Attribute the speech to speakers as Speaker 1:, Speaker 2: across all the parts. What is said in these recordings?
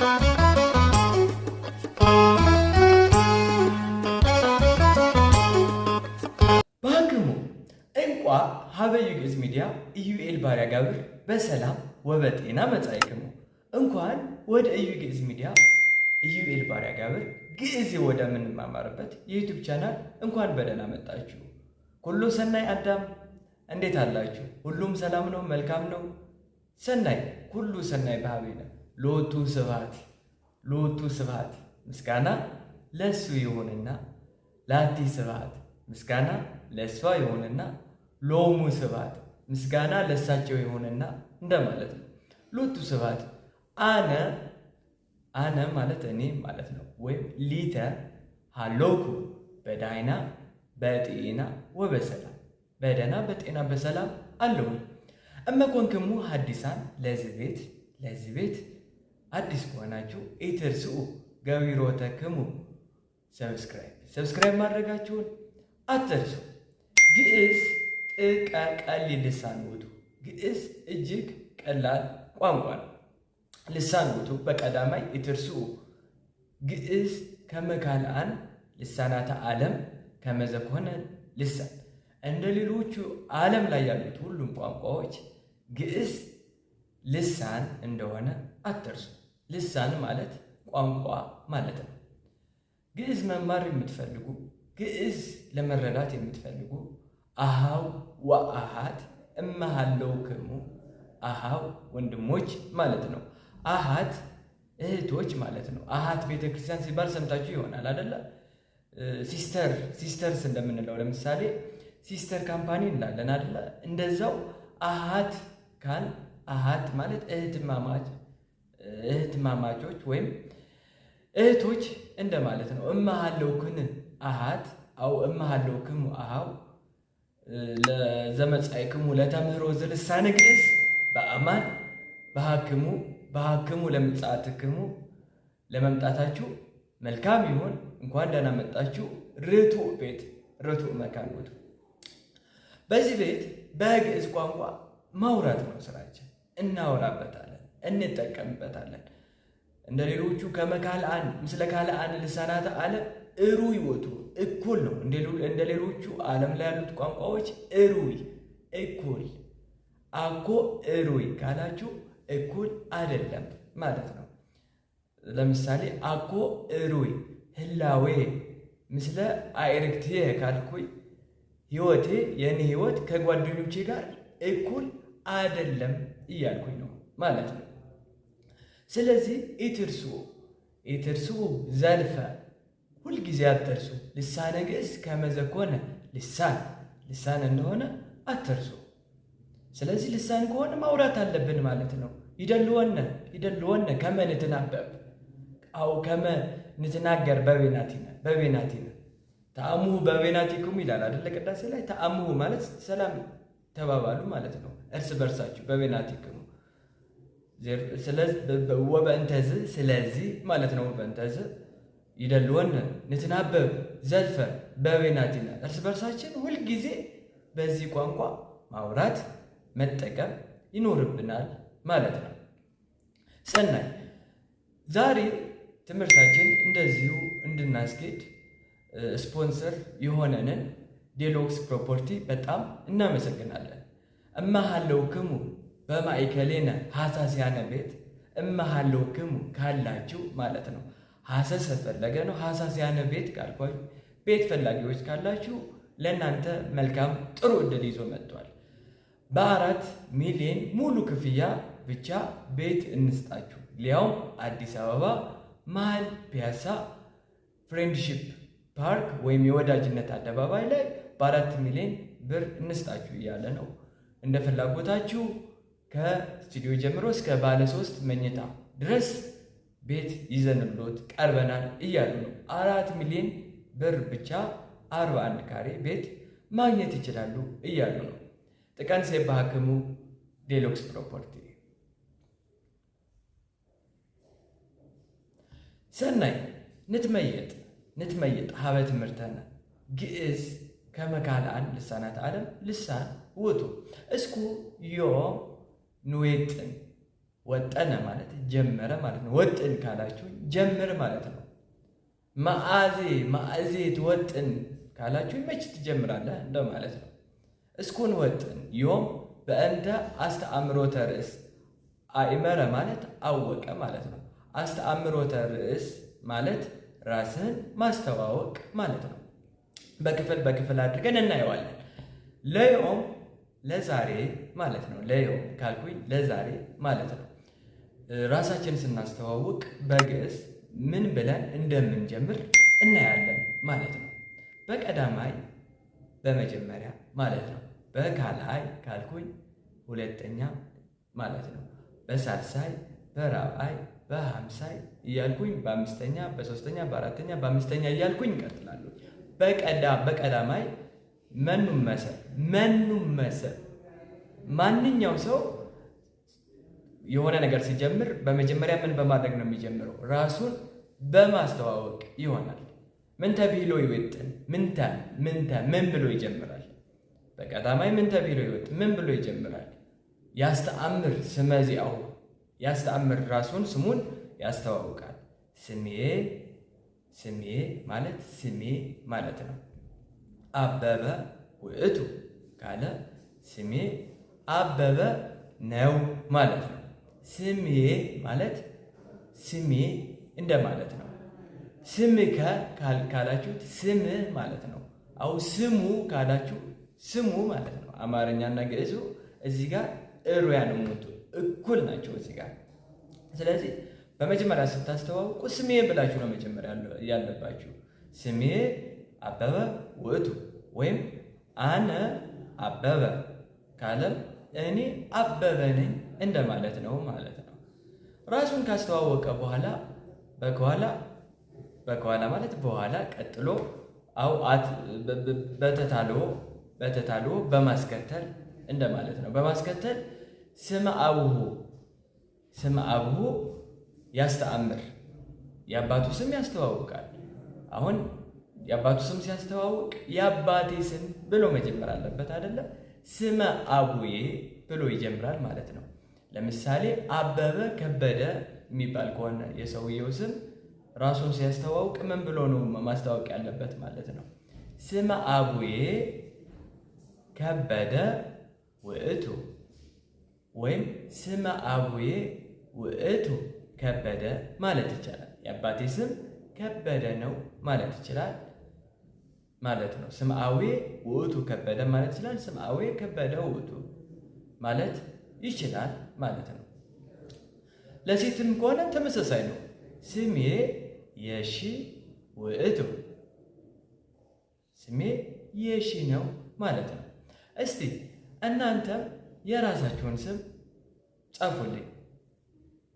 Speaker 1: በአክሙ እንኳ ሀበ ዩግዕዝ ሚዲያ ኢዩኤል ባሪያ ጋብር በሰላም ወበጤና እንኳን ወደ ሚዲያ ኢዩኤል ባሪያ ጋብር ግዕዝ ቻናል እንኳን በደህና መጣችሁ። ሁሉ ሰናይ አዳም እንዴት አላችሁ? ሁሉም ሰላም ነው፣ መልካም ነው። ሰናይ ሁሉ ሰናይ ነው። ሎቱ ስብሐት ሎቱ ስብሐት ምስጋና ለሱ ይሁንና፣ ላቲ ስብሐት ምስጋና ለሷ ይሁንና፣ ሎሙ ስብሐት ምስጋና ለሳቸው ይሁንና እንደማለት ነው። ሎቱ ስብሐት አነ አነ ማለት እኔ ማለት ነው። ወይም ሊተ ሃሎኩ በዳይና በጤና ወበሰላም በደና በጤና በሰላም አለሁኝ። እመኮንክሙ ሀዲሳን ለዚህ ቤት ለዚህ ቤት አዲስ ከሆናችሁ ኢትርስኡ ገቢሮተክሙ ሰብስክራይብ ሰብስክራይብ ማድረጋችሁን አትርሱ። ግዕዝ ጥቀቀሊ ልሳን ውእቱ ግዕዝ እጅግ ቀላል ቋንቋ ነው። ልሳን ውእቱ በቀዳማይ ኢትርስኡ ግዕዝ ከመካልአን ልሳናተ ዓለም ከመዘኮነ ልሳን እንደ ሌሎቹ ዓለም ላይ ያሉት ሁሉም ቋንቋዎች ግዕዝ ልሳን እንደሆነ አትርሱ። ልሳን ማለት ቋንቋ ማለት ነው። ግዕዝ መማር የምትፈልጉ ግዕዝ ለመረዳት የምትፈልጉ አሃው ወአሃት እመሃለው እመሃለውክሙ አሃው ወንድሞች ማለት ነው። አሃት እህቶች ማለት ነው። አሃት ቤተክርስቲያን ሲባል ሰምታችሁ ይሆናል አደለ? ሲስተር ሲስተርስ እንደምንለው ለምሳሌ ሲስተር ካምፓኒ እንላለን አደለ? እንደዛው አሃት ካል አሃት ማለት እህትማማች እህትማማቾች ወይም እህቶች እንደማለት ነው። እመሃለው ክን አሃት አው እመሃለው ክሙ አሃው ለዘመፃይ ክሙ ለተምህሮ ዝልሳነ ግእዝ በአማን በሐክሙ በሐክሙ ክሙ ለመምጣታችሁ መልካም ይሁን እንኳን ደህና መጣችሁ። ርቱ ቤት ርቱ መካን ቦታ። በዚህ ቤት በግእዝ ቋንቋ ማውራት ነው ስራችን፣ እናወራበታል እንጠቀምበታለን። እንደ ሌሎቹ ከመካልአን ምስለ ካልአን ልሳናተ ዓለም እሩይ ወትሩ እኩል ነው። እንደ ሌሎቹ ዓለም ላይ ያሉት ቋንቋዎች እሩይ እኩል አኮ እሩይ ካላችሁ እኩል አይደለም ማለት ነው። ለምሳሌ አኮ እሩይ ህላዌ ምስለ አእርክትየ ካልኩኝ ህይወቴ የእኔ ህይወት ከጓደኞቼ ጋር እኩል አይደለም እያልኩኝ ነው ማለት ነው። ስለዚህ ኢትርስዎ ኢትርስዎ ዘልፈ ሁልጊዜ አትርሱ። ልሳነ ግእዝ ከመዘኮነ ልሳን ልሳን እንደሆነ አትርሱ። ስለዚህ ልሳን ከሆነ ማውራት አለብን ማለት ነው። ይደልወነ ይደልወነ ከመ ንትናበብ አው ከመ ንትናገር በቤናቲነ በቤናቲነ ተአምሁ በቤናቲኩም ይላል አይደለ? ቅዳሴ ላይ ተአምሁ ማለት ሰላም ተባባሉ ማለት ነው። እርስ በርሳችሁ በቤናቲኩም ወበእንተዝ ስለዚህ ማለት ነው። በእንተዝ ይደልወን ንትናበብ ዘልፈ በበይናቲና እርስ በርሳችን ሁልጊዜ በዚህ ቋንቋ ማውራት መጠቀም ይኖርብናል ማለት ነው። ሰናይ ዛሬ ትምህርታችን እንደዚሁ እንድናስኬድ ስፖንሰር የሆነንን ዴሎክስ ፕሮፐርቲ በጣም እናመሰግናለን። እማሃለው ክሙ በማእከሌነ ያነ ቤት እመሃለው ክሙ ካላችሁ ማለት ነው። ሀሰስ ፈለገ ነው። ሀሳስያነ ቤት ካልኳችሁ ቤት ፈላጊዎች ካላችሁ ለእናንተ መልካም ጥሩ እድል ይዞ መጥቷል። በአራት ሚሊዮን ሙሉ ክፍያ ብቻ ቤት እንስጣችሁ። ሊያውም አዲስ አበባ መሀል ፒያሳ ፍሬንድሺፕ ፓርክ ወይም የወዳጅነት አደባባይ ላይ በአራት ሚሊዮን ብር እንስጣችሁ እያለ ነው። እንደ ፍላጎታችሁ ከስቱዲዮ ጀምሮ እስከ ባለ ሶስት መኝታ ድረስ ቤት ይዘንሎት ቀርበናል እያሉ ነው። አራት ሚሊዮን ብር ብቻ አርባ አንድ ካሬ ቤት ማግኘት ይችላሉ እያሉ ነው። ጥቀንሴ በሀክሙ ዴሉክስ ፕሮፐርቲ። ሰናይ ንትመየጥ ንትመየጥ ሀበ ትምህርተነ ግእዝ ከመካልአን ልሳናት ዓለም ልሳን ውጡ እስኩ ዮም ንዌጥን ወጠነ ማለት ጀመረ ማለት ነው። ወጥን ካላችሁ ጀምር ማለት ነው። ማአዜ መዓዜት ወጥን ካላችሁ መች ትጀምራለህ ማለት ነው። እስኩን ወጥን ዮም በእንተ አስተአምሮተ ርእስ አእመረ ማለት አወቀ ማለት ነው። አስተአምሮተ ርእስ ማለት ራስህን ማስተዋወቅ ማለት ነው። በክፍል በክፍል አድርገን እናየዋለን ለዮም ለዛሬ ማለት ነው። ለዮ ካልኩኝ ለዛሬ ማለት ነው። ራሳችን ስናስተዋውቅ በግዕዝ ምን ብለን እንደምንጀምር እናያለን ማለት ነው። በቀዳማይ በመጀመሪያ ማለት ነው። በካልአይ ካልኩኝ ሁለተኛ ማለት ነው። በሳልሳይ በራብአይ በሀምሳይ እያልኩኝ በአምስተኛ በሶስተኛ በአራተኛ በአምስተኛ እያልኩኝ እቀጥላለሁ። በቀዳማይ መኑም መሰ መኑም መሰ ማንኛው ሰው የሆነ ነገር ሲጀምር በመጀመሪያ ምን በማድረግ ነው የሚጀምረው? ራሱን በማስተዋወቅ ይሆናል። ምን ተብሎ ይወጥን ምንተ ምንተ ምን ብሎ ይጀምራል? በቀዳማይ ምን ተብሎ ይወጥ ምን ብሎ ይጀምራል? ያስተአምር ስመ ያስተአምር ራሱን ስሙን ያስተዋውቃል። ስሜ ስሜ ማለት ስሜ ማለት ነው። አበበ ውእቱ ካለ ስሜ አበበ ነው ማለት ነው። ስሜ ማለት ስሜ እንደማለት ነው። ስምከ ካላችሁት ስም ማለት ነው። አው ስሙ ካላችሁ ስሙ ማለት ነው። አማርኛና ግዕዙ እዚህ ጋር እሩያን ሙቱ እኩል ናቸው እዚህ ጋር። ስለዚህ በመጀመሪያ ስታስተዋውቁ ስሜ ብላችሁ ነው መጀመሪያ ያለባችሁ። ስሜ አበበ ውእቱ ወይም አነ አበበ ካለ እኔ አበበ ነኝ እንደማለት ነው ማለት ነው። ራሱን ካስተዋወቀ በኋላ በከኋላ በከኋላ ማለት በኋላ ቀጥሎ አው አት በተታልዎ በማስከተል እንደማለት ነው። በማስከተል ስመ አቡሁ ስመ አቡሁ ያስተአምር የአባቱ ስም ያስተዋውቃል አሁን የአባቱ ስም ሲያስተዋውቅ የአባቴ ስም ብሎ መጀመር አለበት አይደለም? ስመ አቡዬ ብሎ ይጀምራል ማለት ነው። ለምሳሌ አበበ ከበደ የሚባል ከሆነ የሰውየው ስም ራሱን ሲያስተዋውቅ ምን ብሎ ነው ማስተዋወቅ ያለበት ማለት ነው? ስመ አቡዬ ከበደ ውእቱ ወይም ስመ አቡዬ ውእቱ ከበደ ማለት ይቻላል። የአባቴ ስም ከበደ ነው ማለት ይችላል። ማለት ነው። ስምአዊ ውእቱ ከበደ ማለት ይችላል። ስምአዊ ከበደ ውእቱ ማለት ይችላል ማለት ነው። ለሴትም ከሆነ ተመሳሳይ ነው። ስሜ የሺ ውእቱ ስሜ የሺ ነው ማለት ነው። እስቲ እናንተ የራሳችሁን ስም ጻፉልኝ።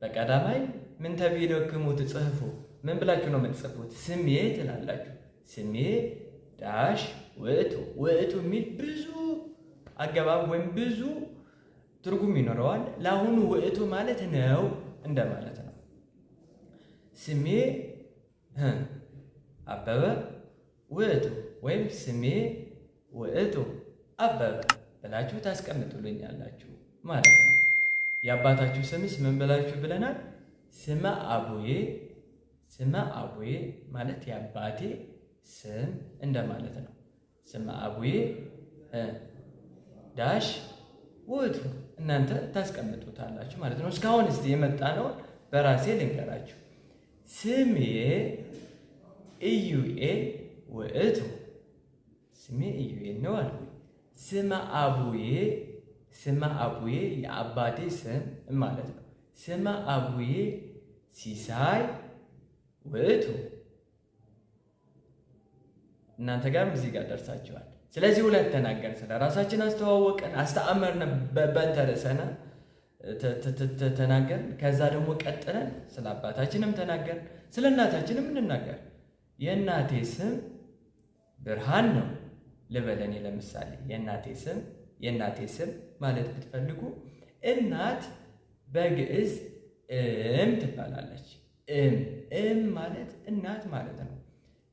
Speaker 1: በቀዳማይ ምን ተብሂለክሙ ትጽሕፉ ምን ብላችሁ ነው የምትጽፉት? ስሜ ትላላችሁ። ስሜ ዳሽ ውእቱ ውእቱ የሚል ብዙ አገባብ ወይም ብዙ ትርጉም ይኖረዋል። ለአሁኑ ውእቱ ማለት ነው እንደማለት ነው። ስሜ አበበ ውእቱ ወይም ስሜ ውእቱ አበበ ብላችሁ ታስቀምጡልኛላችሁ ማለት ነው። የአባታችሁ ስምስ ምን ብላችሁ ብለናል? ስመ አቡዬ ስመ አቡዬ ማለት የአባቴ ስም እንደማለት ነው። ስመ አቡዬ ዳሽ ውእቱ እናንተ ታስቀምጡታላችሁ ማለት ነው። እስካሁን እስቲ የመጣነውን በራሴ ልንገራችሁ። ስሜ ኢዩኤል ውእቱ ስሜ ኢዩኤል ነው አለ። ስመ አቡዬ ስመ አቡዬ የአባቴ ስም ማለት ነው። ስመ አቡዬ ሲሳይ ውእቱ እናንተ ጋርም እዚህ ጋር ደርሳችኋል። ስለዚህ ሁለት ተናገርን፣ ስለ ራሳችን አስተዋወቀን፣ አስተአመርን፣ በንተርሰነ ተናገርን። ከዛ ደግሞ ቀጥለን ስለ አባታችንም ተናገርን፣ ስለ እናታችንም እንናገር። የእናቴ ስም ብርሃን ነው ልበለኔ። ለምሳሌ የእናቴ ስም የእናቴ ስም ማለት ብትፈልጉ እናት በግዕዝ እም ትባላለች። እም እም ማለት እናት ማለት ነው።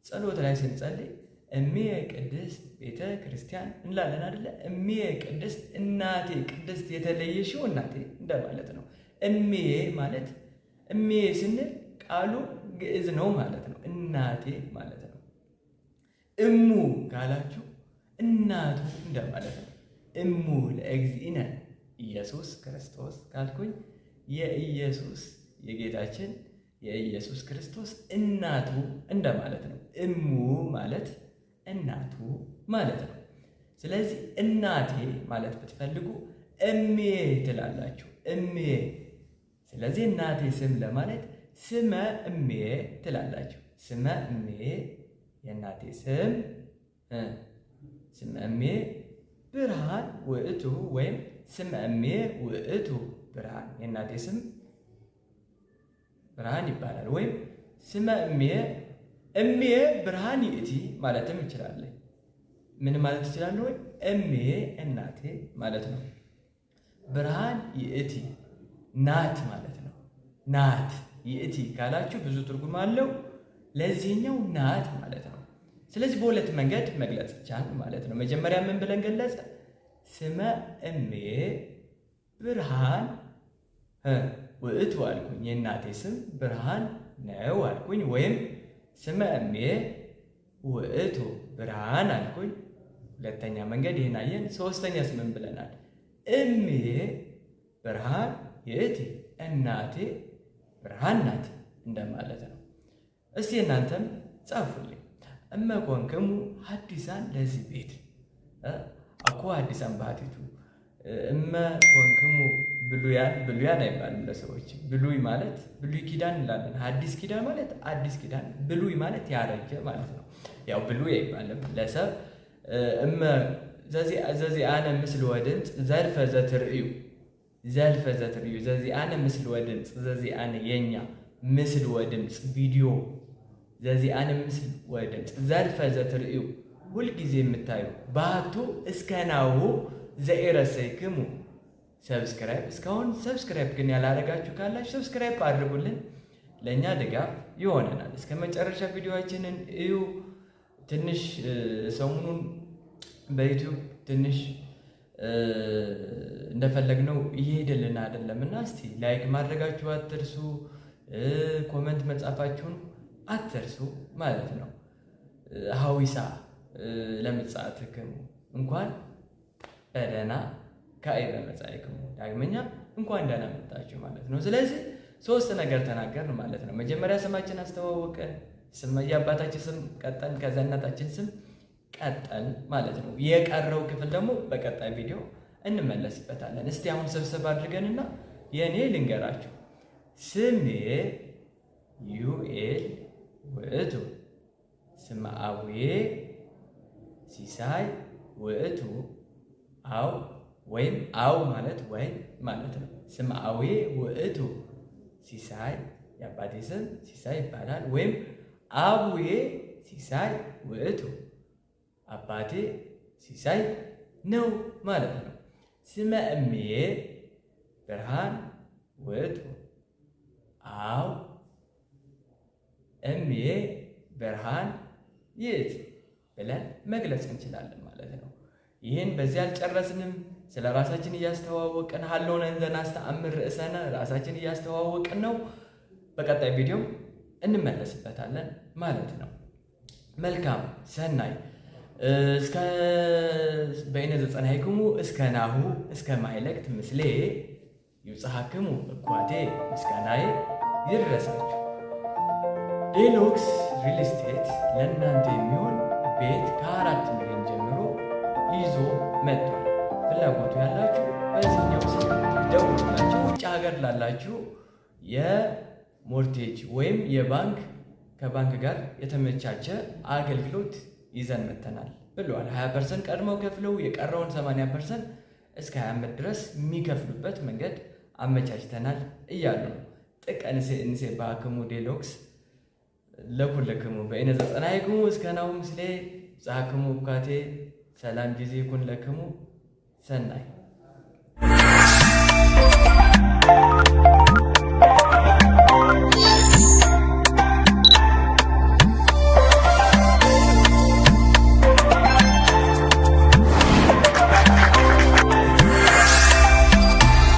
Speaker 1: ጸሎት ላይ ስንጸልይ እሜ ቅድስት ቤተ ክርስቲያን እንላለን አደለ? እሜ ቅድስት እናቴ፣ ቅድስት የተለየሽው እናቴ እንደማለት ነው። እሜ ማለት እሜ ስንል ቃሉ ግዕዝ ነው ማለት ነው። እናቴ ማለት ነው። እሙ ካላችሁ እናቱ እንደማለት ነው። እሙ ለእግዚእነ ኢየሱስ ክርስቶስ ካልኩኝ የኢየሱስ የጌታችን የኢየሱስ ክርስቶስ እናቱ እንደማለት ነው። እሙ ማለት እናቱ ማለት ነው። ስለዚህ እናቴ ማለት ብትፈልጉ እሜ ትላላችሁ። እሜ። ስለዚህ እናቴ ስም ለማለት ስመ እሜ ትላላችሁ። ስመ እሜ የእናቴ ስም። ስመ እሜ ብርሃን ውእቱ ወይም ስመ እሜ ውእቱ ብርሃን የእናቴ ስም ብርሃን ይባላል። ወይም ስመ እሜ እሜ ብርሃን ይእቲ ማለትም እንችላለን። ምን ማለት ይችላል ወይ? እምዬ እናቴ ማለት ነው። ብርሃን ይእቲ ናት ማለት ነው። ናት ይእቲ ካላችሁ ብዙ ትርጉም አለው። ለዚህኛው ናት ማለት ነው። ስለዚህ በሁለት መንገድ መግለጽ ይቻል ማለት ነው። መጀመሪያ ምን ብለን ገለጸ? ስመ እምዬ ብርሃን ውእቱ አልኩኝ። የእናቴ ስም ብርሃን ነው አልኩኝ ወይም ስመ እሜ ውእቱ ብርሃን አልኩኝ። ሁለተኛ መንገድ ይህን አየን። ሶስተኛ ስምን ብለናል። እሜ ብርሃን ይእቲ እናቴ ብርሃን ናት እንደማለት ነው። እስቲ እናንተም ጻፉልኝ። እመኮንክሙ ሐዲሳን ለዚህ ቤት አኮ ሐዲሳን ባህቲቱ እመኮንክሙ ብሉያን ብሉያን አይባልም ለሰዎች ብሉይ ማለት ብሉይ ኪዳን እንላለን። አዲስ ኪዳን ማለት አዲስ ኪዳን፣ ብሉይ ማለት ያረጀ ማለት ነው። ያው ብሉይ አይባልም ለሰብ እመ አነ ምስል ወድምፅ ዘልፈ ዘትርእዩ ዘልፈ ዘትርእዩ አነ ምስል ወድምፅ አነ የኛ ምስል ወድምፅ ቪዲዮ ዘዚ አነ ምስል ወድምፅ ዘልፈ ዘትርእዩ ሁልጊዜ የምታዩ ባህቱ እስከ ናሁ ዘኢረሰይክሙ ሰብስክራይብ እስካሁን ሰብስክራይብ ግን ያላረጋችሁ ካላችሁ ሰብስክራይብ አድርጉልን፣ ለእኛ ድጋፍ ይሆነናል። እስከ መጨረሻ ቪዲዮችንን እዩ። ትንሽ ሰሞኑን በዩቲዩብ ትንሽ እንደፈለግነው እየሄደልን አይደለም እና እስቲ ላይክ ማድረጋችሁ አትርሱ፣ ኮመንት መጻፋችሁን አትርሱ ማለት ነው። ሀዊሳ ለምጽአትክሙ እንኳን በደህና ከአይረ መጻኢክሙ ዳግመኛ እንኳን ደህና መጣችሁ ማለት ነው። ስለዚህ ሶስት ነገር ተናገርን ማለት ነው። መጀመሪያ ስማችን አስተዋወቅን፣ የአባታችን ስም ቀጠን ከዛ እናታችን ስም ቀጠን ማለት ነው። የቀረው ክፍል ደግሞ በቀጣይ ቪዲዮ እንመለስበታለን። እስቲ አሁን ሰብሰብ አድርገንና የእኔ ልንገራችሁ። ስሜ ዩኤል ውእቱ ስመ አቡዬ ሲሳይ ውእቱ አው ወይም አው ማለት ወይ ማለት ነው። ስም አዊ ውእቱ ሲሳይ የአባቴ ስም ሲሳይ ይባላል። ወይም አቡዬ ሲሳይ ውእቱ አባቴ ሲሳይ ነው ማለት ነው። ስመ እምዬ ብርሃን ውእቱ አው እምዬ ብርሃን ይእቲ ብለን መግለጽ እንችላለን ማለት ነው። ይህን በዚህ አልጨረስንም። ስለ ራሳችን እያስተዋወቅን ሀለው ነን አምር ርእሰነ ራሳችን እያስተዋወቅን ነው። በቀጣይ ቪዲዮ እንመለስበታለን ማለት ነው። መልካም ሰናይ እስከ በይነ ዘጸናይክሙ እስከ ናሁ እስከ ማይለቅት ምስሌ ይውፅሐክሙ እኳቴ ምስጋናይ ይድረሳችሁ። ዴሉክስ ሪል ስቴት ለእናንተ የሚሆን ቤት ከአራት ሚሊዮን ጀምሮ ይዞ መጥቷል። ፍላጎቱ ያላችሁ በዚህኛው ስልክ ደውላችሁ ውጭ ሀገር ላላችሁ የሞርቴጅ ወይም የባንክ ከባንክ ጋር የተመቻቸ አገልግሎት ይዘን መተናል ብለዋል። 20 ፐርሰንት ቀድመው ከፍለው የቀረውን 80 ፐርሰንት እስከ 25 ድረስ የሚከፍሉበት መንገድ አመቻችተናል እያሉ ጥቅ እንሴ በአክሙ ዴሎክስ ለኩለክሙ በእነ ዘጸናይክሙ እስከ ምስሌ ዛክሙ እኳቴ ሰላም ጊዜ ኩን ለክሙ sân này